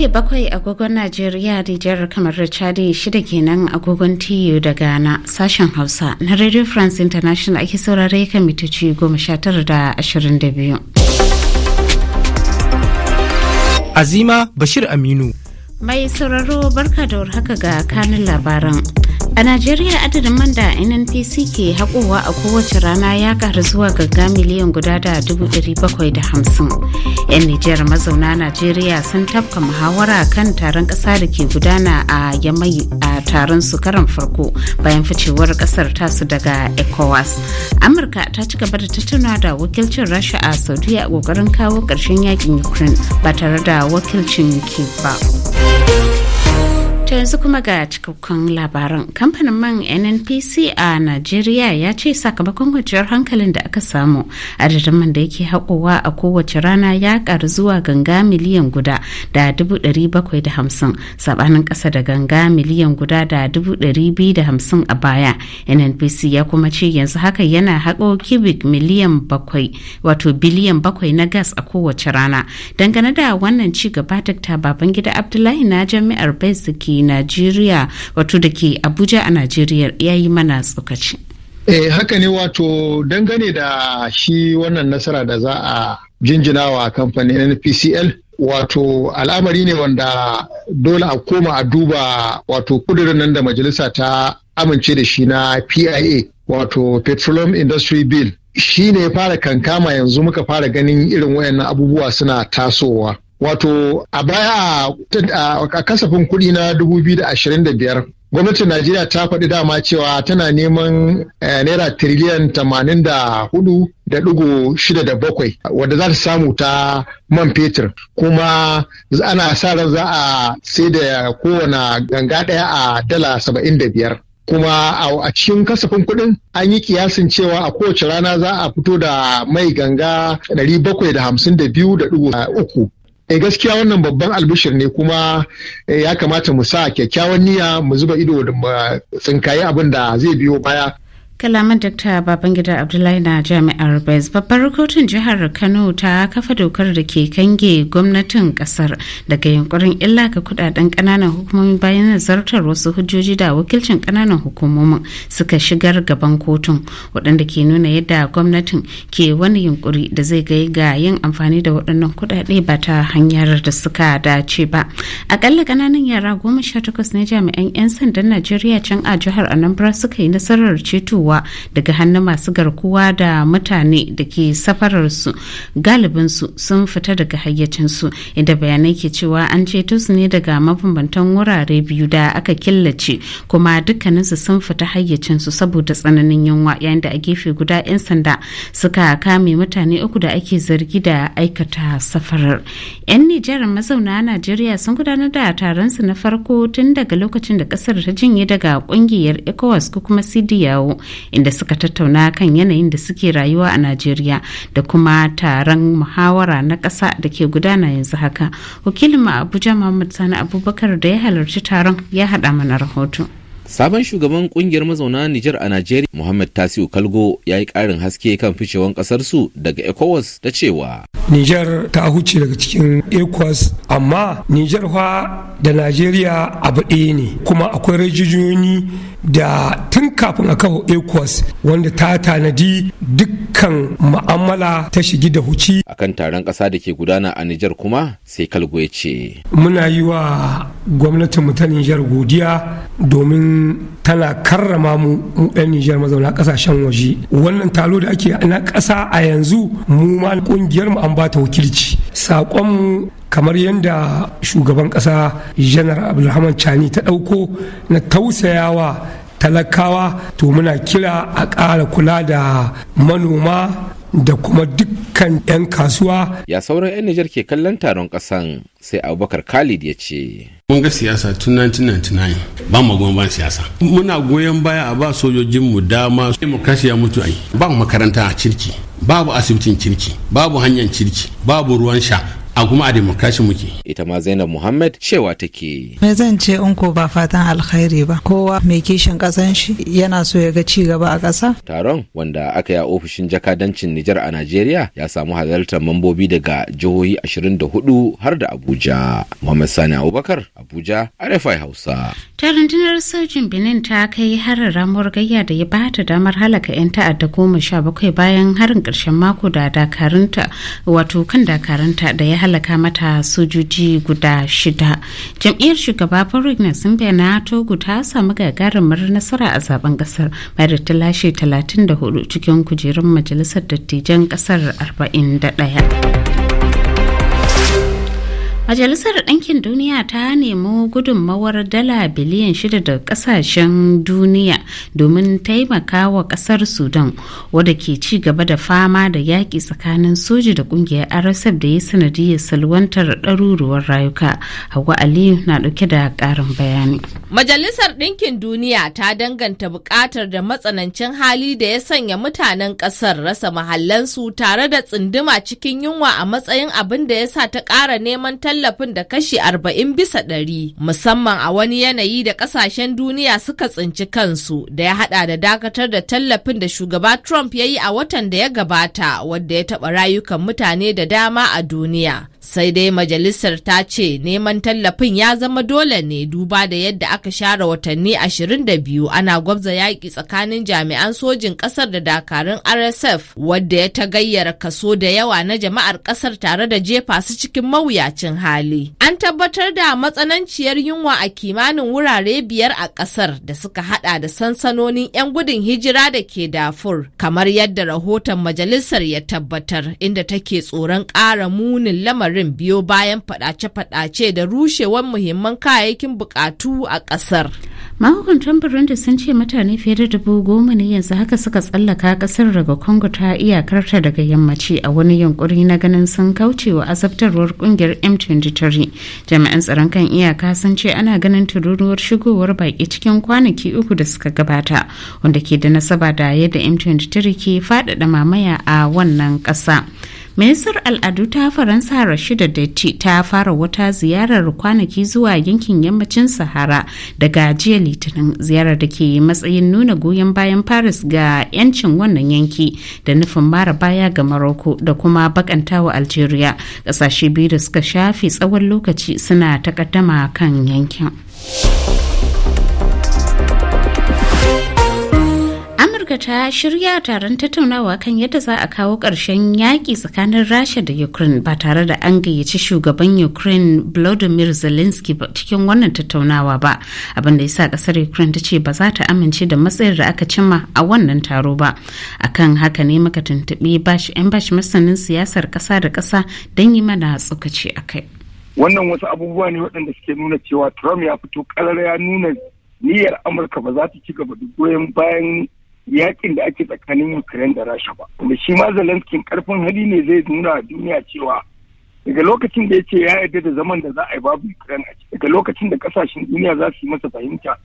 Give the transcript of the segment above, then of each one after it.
karfe bakwai agogon najeriya da jihar kamar chadi shida kenan agogon tiyo da ghana sashen hausa na radio france international ake saurare kan mitoci goma sha tara da ashirin da biyu azima bashir aminu mai sauraro barka da haka ga kanun labaran A Najeriya adadin man da NNPC ke haƙowa a kowace rana ya karu zuwa gagga miliyan guda da dubu ɗari bakwai da hamsin. 'Yan Nijar mazauna Najeriya sun tafka muhawara kan taron ƙasa da ke gudana a Yamai a taron su karan farko bayan ficewar ƙasar tasu daga ECOWAS. Amurka ta ci gaba da tattauna da wakilcin Rasha a saudi a ƙoƙarin kawo ƙarshen yaƙin Ukraine ba tare da wakilcin Kiev ba. To yanzu kuma ga cikakkun labaran kamfanin man NNPC a Najeriya ya ce sakamakon kwanciyar hankalin da aka samu adadin man da yake haƙowa a kowace rana ya ƙaru zuwa ganga miliyan guda da dubu ɗari bakwai da hamsin sabanin ƙasa da ganga miliyan guda da dubu ɗari biyu da hamsin a baya. NNPC ya kuma ce yanzu haka yana haƙo cubic miliyan bakwai wato biliyan bakwai na gas a kowace rana. Dangane da wannan ci gaba baban Babangida Abdullahi na Jami'ar Bez Najeriya wato da ke Abuja a Najeriya ya yi mana tsokaci. Eh haka ne wato dangane da shi wannan nasara da za a jinjinawa kamfanin NPCL wato al'amari ne wanda dole a koma a duba wato kudurin nan da majalisa ta amince da shi na PIA wato Petroleum Industry Bill shi ne fara kankama yanzu muka fara ganin irin wayannan abubuwa suna tasowa Wato a baya a kasafin kuɗi na 2025 gwamnatin Najeriya ta faɗi dama cewa tana neman eh, naira tiriliyan tamanin da ɗugu shida da bakwai wadda za ta samu ta man fetur kuma ana sa ran za a sai da kowane ganga ɗaya a dala saba'in da biyar kuma a cikin kasafin kuɗin an yi kiyasin cewa a kowace rana za a fito da mai ganga ɗari E gaskiya wannan babban albishir ne kuma eh, ya kamata mu sa kyakkyawan niyya mu zuba ido da tsinkaye abin da zai biyo baya. kalaman dr babangida abdullahi na jami'ar bez babbar kotun jihar kano ta kafa dokar da ke kange gwamnatin kasar daga yunkurin illa ga kudaden kananan hukumomi bayan zartar wasu hujjoji da wakilcin kananan hukumomin suka shigar gaban kotun waɗanda ke nuna yadda gwamnatin ke wani yunkuri da zai gai ga yin amfani da waɗannan kudade ba ta hanyar da suka dace ba akalla kananan yara goma sha takwas ne jami'an 'yan sandan najeriya can a jihar anambra suka yi nasarar cetowa kuwa daga hannun masu garkuwa da mutane da ke safararsu galibinsu sun fita daga hayyacinsu inda bayanai ke cewa an ceto su ne daga mabambantan wurare biyu da aka killace kuma dukkaninsu sun fita hayyacinsu saboda tsananin yunwa yayin da a gefe guda 'yan sanda suka kame mutane uku da ake zargi da aikata safarar 'yan nijar mazauna najeriya sun gudanar da taronsu na farko tun daga lokacin da kasar ta jinye daga kungiyar ecowas ko kuma cdao inda suka tattauna kan yanayin da suke rayuwa a najeriya da kuma taron muhawara na ƙasa da ke gudana yanzu haka wakilin mu abuja muhammad sani abubakar da ya halarci taron ya haɗa mana rahoto Sabon shugaban kungiyar mazauna Nijar a Najeriya Muhammad Tasiu Kalgo ya yi ƙarin haske kan ficewan ƙasarsu daga ECOWAS da cewa. Nijar ta huce daga cikin ECOWAS amma Nijar fa da Najeriya abu ɗaya ne kuma akwai rajijoni da tun kafin a kawo ecos wanda ta tanadi dukkan ma'amala ta shigi da huci akan taron ƙasa da ke gudana a nijar kuma sai kalgo ya ce muna yi wa gwamnatin mu ta nijar godiya domin tana karrama mu ɗan nijar mazauna ƙasashen waje wannan talo da ake na ƙasa a yanzu mu ma ƙungiyar mu an bata wakilci saƙon mu kamar yadda shugaban kasa janar abdulrahman chani ta ɗauko na tausayawa talakawa to muna kira a ƙara kula da manoma da kuma dukkan 'yan kasuwa ya sauran 'yan nijar ke kallon taron ƙasan sai abubakar khalid ya ce mun ga siyasa tun 1999 ba mu goyon bayan siyasa muna goyon baya a ba sojojinmu dama sai mu kashe ya mutu ai ba makaranta a cirki babu asibitin kirki babu hanyar kirki babu ruwan sha a kuma a demokrasi muke. Ita ma Zainab Muhammad cewa take. Me zan ce in ko ba fatan alkhairi ba kowa mai kishin kasan shi yana so ya ga ci gaba a ƙasa. Taron wanda aka yi a ofishin jakadancin Nijar a Najeriya ya samu halartar mambobi daga jihohi 24 har da Abuja. Muhammad Sani Abubakar Abuja RFI Hausa. Ta rundunar sojin Benin ta kai harin ramuwar gayya da ya bata damar halaka 'yan ta'adda goma sha bakwai bayan harin ƙarshen mako da dakarunta wato kan dakarunta da ya hallaka mata sojoji guda shida jam'iyyar shugaba faruk na sun bayyana togo ta samu gagarumar nasara a zaben kasar da ta lashe hudu cikin kujerun majalisar dattijan kasar 41 Majalisar Ɗinkin Duniya ta nemo gudunmawar dala biliyan shida da ƙasashen duniya domin taimaka wa ƙasar Sudan wadda ke ci gaba da fama da yaƙi tsakanin soji da ƙungiyar RSF da ya sanadiyar salwantar ɗaruruwan rayuka. Hawa Aliyu na ɗauke da ƙarin bayani. Majalisar Ɗinkin Duniya ta danganta buƙatar da matsanancin hali da ya sanya mutanen ƙasar rasa mahallansu tare da tsinduma cikin yunwa a matsayin abin da ya sa ta ƙara neman tallafi. tallafin da kashi arba'in bisa ɗari, musamman a wani yanayi da ƙasashen duniya suka tsinci kansu da ya haɗa da dakatar da tallafin da shugaba Trump ya yi a watan da ya gabata wadda ya taɓa rayukan mutane da dama a duniya. sai dai majalisar ta ce neman tallafin ya zama dole ne duba da yadda aka share watanni 22 ana gwabza yaƙi tsakanin jami'an sojin ƙasar da dakarun rsf wadda ya ta gayyara kaso da yawa na jama'ar ƙasar tare da jefa su cikin mawuyacin hali an tabbatar da matsananciyar yunwa a kimanin wurare biyar a ƙasar da suka hada da sansanonin 'yan gudun hijira da ke dafur kamar yadda rahoton majalisar ya tabbatar inda take tsoron ƙara munin lamarin lamarin biyo bayan fadace-fadace da rushewar muhimman kayayyakin bukatu a ƙasar. mahukuntan burundi sun ce mutane fiye da dubu goma ne yanzu haka suka tsallaka kasar daga congo ta iyakarta daga yammaci a wani yunkuri na ganin sun kauce wa azabtarwar kungiyar m23 jami'an tsaron kan iyaka sun ce ana ganin tururuwar shigowar baki cikin kwanaki uku da suka gabata wanda ke da nasaba da yadda m23 ke faɗaɗa mamaya a wannan ƙasa. ministar al'adu ta faransa rashida datti ta fara wata ziyarar kwanaki zuwa yankin yammacin sahara daga jiya litinin ziyarar da ke matsayin nuna goyon bayan paris ga 'yancin wannan yanki da nufin mara baya ga maroko da kuma wa algeria kasashe biyu da suka shafe tsawon lokaci suna takaddama kan yankin. amurka ta shirya taron tattaunawa kan yadda za a kawo ƙarshen yaƙi tsakanin rasha da ukraine ba tare da an gayyaci shugaban ukraine volodymyr zelensky cikin wannan tattaunawa ba abin da ya sa ƙasar ukraine ta ce ba za ta amince da matsayin da aka cimma a wannan taro ba akan haka ne muka tuntuɓi bashi 'yan bashi masanin siyasar ƙasa da kasa don yi mana tsokaci a kai wannan wasu abubuwa ne waɗanda suke nuna cewa trump ya fito ƙarar ya nuna niyyar amurka ba za ta ci gaba da goyon bayan yakin da ake tsakanin Ukraine da Rasha ba. Kuma shi ma Zelensky karfin hali ne zai nuna duniya cewa daga lokacin da ya ya yarda da zaman da za a yi babu Ukraine a daga lokacin da kasashen duniya za su yi masa fahimta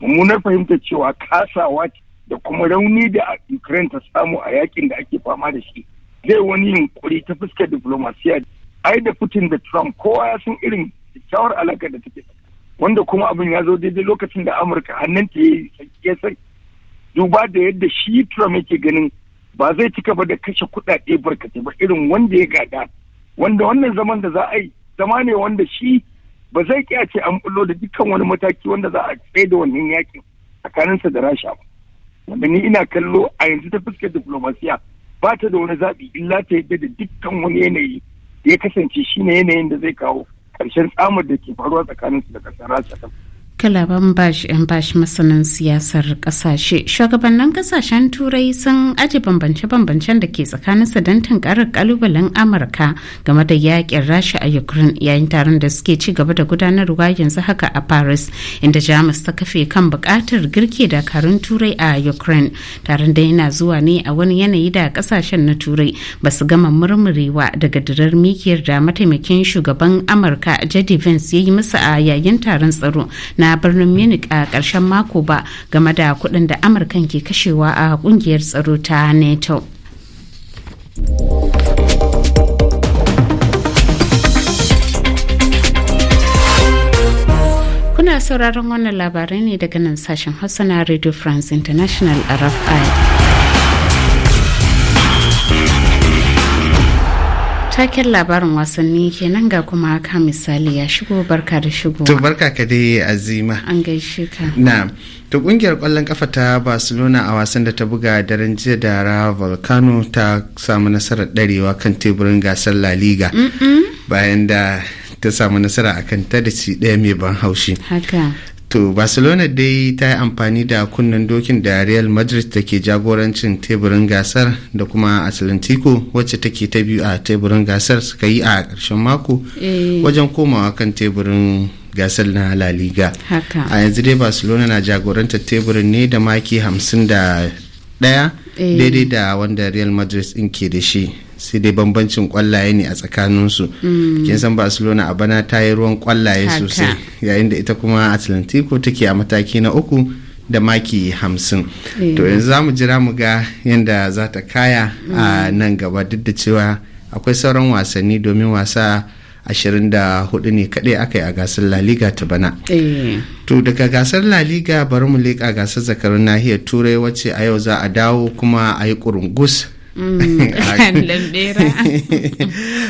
mummunar fahimtar cewa kasawa da kuma rauni da Ukraine ta samu a yakin da ake fama da shi zai wani yunkuri ta fuskar diplomasiya ai da Putin da Trump kowa ya san irin kyakkyawar alaka da take wanda kuma abin ya zo daidai lokacin da Amurka hannunta ya yi duba da yadda shi Trump yake ganin ba zai cika ba da kashe kuɗaɗe barkatai ba irin wanda ya gada wanda wannan zaman da za a yi zama ne wanda shi ba zai kiya ce an bullo da dukkan wani mataki wanda za a tsaye da wannan yakin tsakaninsa da rasha ba wanda ni ina kallo a yanzu ta fuskar diplomasiya ba ta da wani zaɓi illa ta yadda da dukkan wani yanayi da ya kasance shi ne yanayin da zai kawo ƙarshen tsamar da ke faruwa tsakaninsa da ƙasar rasha kalaban bashi masanin siyasar kasashe shugabannin kasashen turai sun aji bambance-bambancen da ke tsakanin su don tankar kalubalen amurka game da yakin rasha a ukraine yayin taron da suke ci gaba da gudanarwa yanzu haka a paris inda jamus ta kafe kan bukatar girke dakarun turai a ukraine taron da yana zuwa ne a wani yanayi da kasashen na turai ba su gama murmurewa daga dirar mikiyar da mataimakin shugaban amurka jedi vance ya yi musu a yayin taron tsaro na na birnin munich a ƙarshen mako ba game da kuɗin da amurkan ke kashewa a ƙungiyar tsaro ta nato kuna sauraron wannan labarai ne daga nan sashen hausa na radio france international rfi taken labarin wasanni kenan ga kuma ka misali ya shigo barka da shigo to barka ka dai azima an gaishe ka na to kungiyar kwallon kafa ta barcelona a wasan da ta buga daren jiya da ra volcano ta samu nasarar ɗarewa kan teburin gasar la liga bayan da ta samu nasara akan ta da ci ɗaya mai ban haushi Haka. to barcelona dai ta yi amfani da kunnen dokin da real madrid da ke jagorancin teburin gasar da kuma atlantico wacce take ta biyu a teburin gasar suka yi a ƙarshen mako eh. wajen komawa kan teburin gasar na la liga a yanzu dai barcelona na jagorantar teburin ne da maki hamsin da ɗaya eh. daidai da wanda real madrid in ke da shi sai dai bambancin kwallaye ne a tsakaninsu mm. kin san barcelona a bana ta yi ruwan kwallaye sosai yayin da ita kuma atlantico take a mataki na uku da maki hamsin eh. to yanzu za mu jira mu ga yadda za ta kaya a mm. nan gaba duk da cewa akwai sauran wasanni domin wasa ashirin da hudu ne kadai aka yi a gasar La Liga ta bana. Eh. To daga gasar La Liga bari mu leƙa gasar zakarun nahiyar Turai wacce a yau za a dawo kuma a yi kurungus Mm,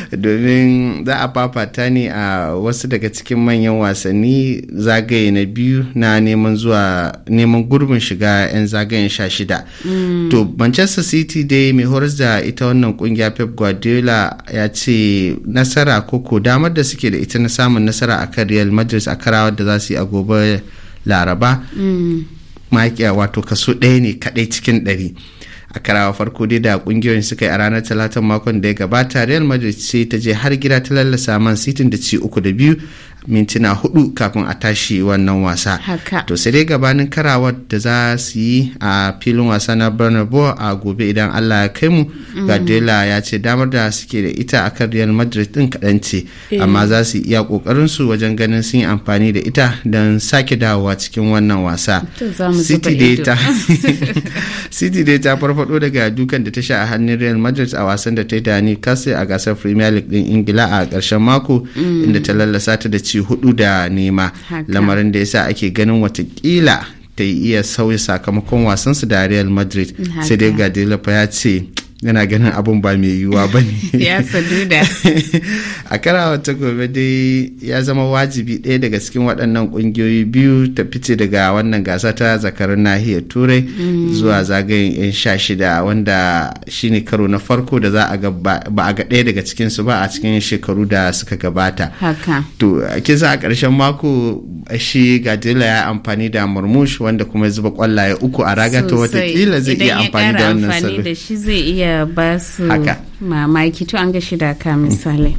domin za a fafata ne a wasu daga cikin manyan wasanni zagaye na biyu na neman zuwa neman gurbin shiga 'yan zagayen sha shida mm. to manchester city dai mai horas da ita wannan kungiya pep guardiola ya ce nasara koko damar da suke da ita na samun nasara a kan real madrid a karawar da za su yi a gobe laraba mm. wato kaso ɗaya ne kaɗai cikin ɗari a karawa farko dai da kungiyoyin suka yi a ranar talatin makon da ya gabata real madrid sai ta je har gida ta lallasa man city da ci uku da biyu mintuna hudu kafin a tashi wannan wasa to sai dai gabanin karawar da za su yi a filin wasa na bernabeu a gobe idan allah ya kai mu mm. guardiola ya ce damar da suke da ita a kan real madrid din kaɗan ce eh. amma za su iya kokarin su wajen ganin sun yi amfani da ita don sake dawowa cikin wannan wasa city dai ta farfado daga dukan da ta sha a hannun real madrid a wasan da ta yi da newcastle a gasar premier league din ingila a ƙarshen mako mm. inda ta lallasa ta da minti hudu da nema lamarin da yasa ake ganin watakila ta iya sauya sakamakon wasansu da real madrid sai dai gadilapa ya ce yana ganin abun ba mai yiwuwa ba ne ya da. a karawa ta gobe dai ya zama wajibi ɗaya daga cikin waɗannan ƙungiyoyi biyu ta fice daga wannan gasa ta zakarun nahiyar turai mm. zuwa zagayen 'yan sha shida wanda shine karo na farko da za a ga ba a ga ɗaya daga cikinsu ba a cikin shekaru da suka gabata to kisa a ƙarshen mako shi gadila ya amfani da murmush wanda kuma ya zuba ƙwallaye uku a raga wata watakila zai iya amfani da wannan salo ba su mamaki to an ga shida ka misali.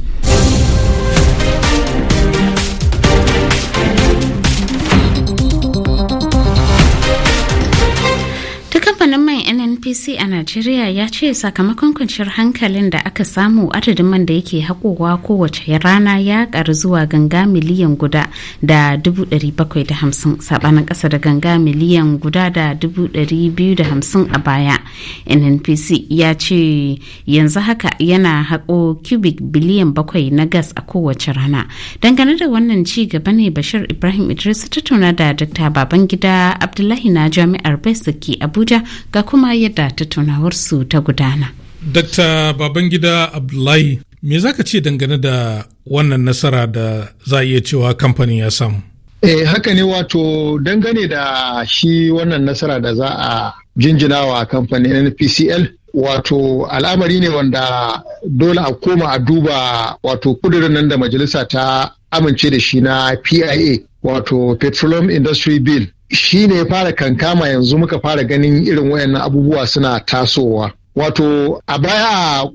NNPC a Najeriya ya ce sakamakon kwanciyar hankalin da aka samu adadin man da yake haƙowa kowace rana ya ƙaru zuwa ganga miliyan guda da 750 sabanin ƙasa da ganga miliyan guda da 250 a baya. NNPC ya ce yanzu haka yana haƙo cubic biliyan bakwai na gas a kowace rana. Dangane da wannan ci gaba ne Bashir Ibrahim Idris ta tattauna da Dr. Babangida Abdullahi na Jami'ar bai Abuja ga kuma yadda tattaunawarsu ta gudana. Dr. Babangida Abdullahi, me za ka ce dangane da wannan nasara da za a iya cewa kamfanin ya samu? Eh, haka ne wato dangane da shi wannan nasara da za a jinjinawa kamfanin NPCL. Wato al'amari ne wanda dole a koma a duba wato kudurin nan da majalisa ta amince da shi na PIA wato Petroleum Industry Bill shi ne ya fara kankama yanzu muka fara ganin irin wayannan abubuwa suna tasowa. Wato a baya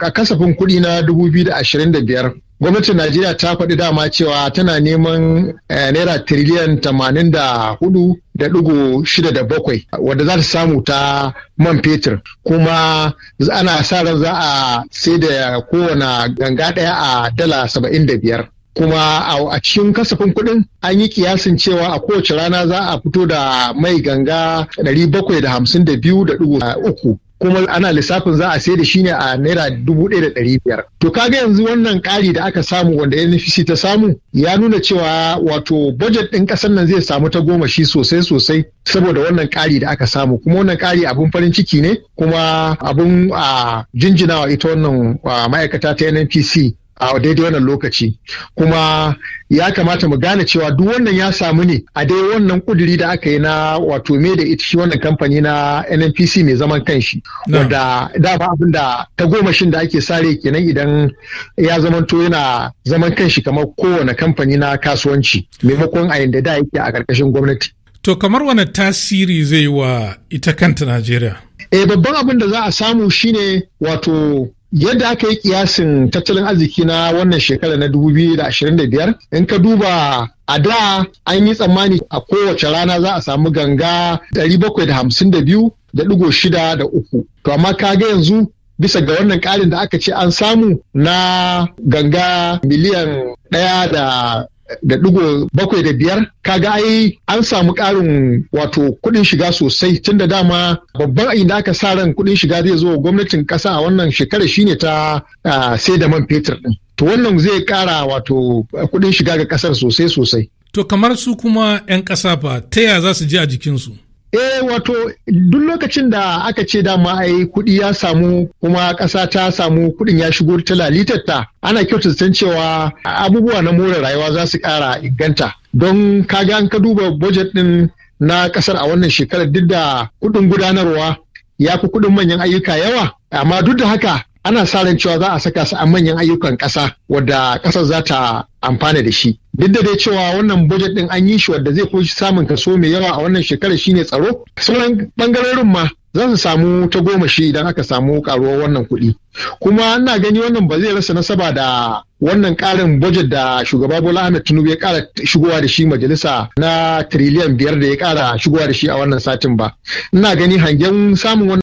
a kasafin kuɗi na 2025 gwamnatin Najeriya ta faɗi dama cewa tana neman eh, naira tiriliyan tamanin da hudu da ɗugu shida da bakwai wadda za ta samu ta man fetur kuma ana sa ran za a sai da kowane ganga ɗaya a dala saba'in da biyar. kuma a cikin kasafin kuɗin an yi kiyasin cewa a kowace rana za a fito da mai ganga 752.3 kuma ana lissafin za a sai da shi ne a naira dubu da ɗari biyar. To kaga yanzu wannan ƙari da aka samu wanda NFC ta samu ya nuna cewa wato budget ɗin ƙasar nan zai samu ta goma shi sosai sosai saboda wannan ƙari da aka samu kuma wannan ƙari abin farin ciki ne kuma abin a jinjinawa ita wannan ma'aikata ta NNPC a daidai wannan lokaci kuma ya kamata mu gane cewa duk wannan ya samu ne a dai wannan kuduri da aka yi na wato me da ita shi wannan kamfani na nnpc mai zaman kanshi wanda ba abin da ta gomashin da ake sare kenan idan ya zamanto yana zaman kanshi kamar kowane kamfani na kasuwanci maimakon a yadda da yake a ƙarƙashin gwamnati to kamar wani tasiri zai wa ita kanta najeriya e babban abin da za a samu shine wato yadda aka yi kiyasin tattalin arziki na wannan shekara na 2025 in ka duba a da an yi tsammani a kowace rana za a samu ganga 752.63 da ɗigo shida da uku to amma ka ga yanzu bisa ga wannan ƙarin da aka ce an samu na ganga miliyan ɗaya da da digo bakwai da biyar kaga ai an samu ƙarin wato kuɗin shiga sosai tun da dama babban ayin da aka sa ran kuɗin shiga zai zo gwamnatin ƙasa a wannan shekarar shine ta sai da man fetur din To wannan zai kara wato kuɗin shiga ga kasar sosai sosai. To kamar su kuma 'yan ƙasa fa ta ya za su ji a jikinsu? Eh wato duk lokacin da aka ce dama ai kuɗi ya samu kuma ƙasa ta samu kuɗin ya shigo ta lalitatta ana kyautata cewa abubuwa na more rayuwa za su ƙara inganta. Don kaga an ka duba budget ɗin na ƙasar a wannan shekarar duk da kuɗin gudanarwa ya fi kuɗin manyan ayyuka yawa amma duk da haka ana sa ran cewa za a saka su a manyan ayyukan ƙasa wadda ƙasar za ta amfana da shi duk da dai cewa wannan budget ɗin an yi shi wadda zai kunshi samun kaso mai yawa a wannan shekarar shine tsaro sauran bangarorin ma za su samu ta goma shi idan aka samu karuwar wannan kuɗi kuma ina gani wannan ba zai rasa nasaba da wannan ƙarin budget da shugaba bola ahmed tinubu ya ƙara shigowa da shi majalisa na tiriliyan biyar da ya ƙara shigowa da shi a wannan satin ba ina gani hangen samun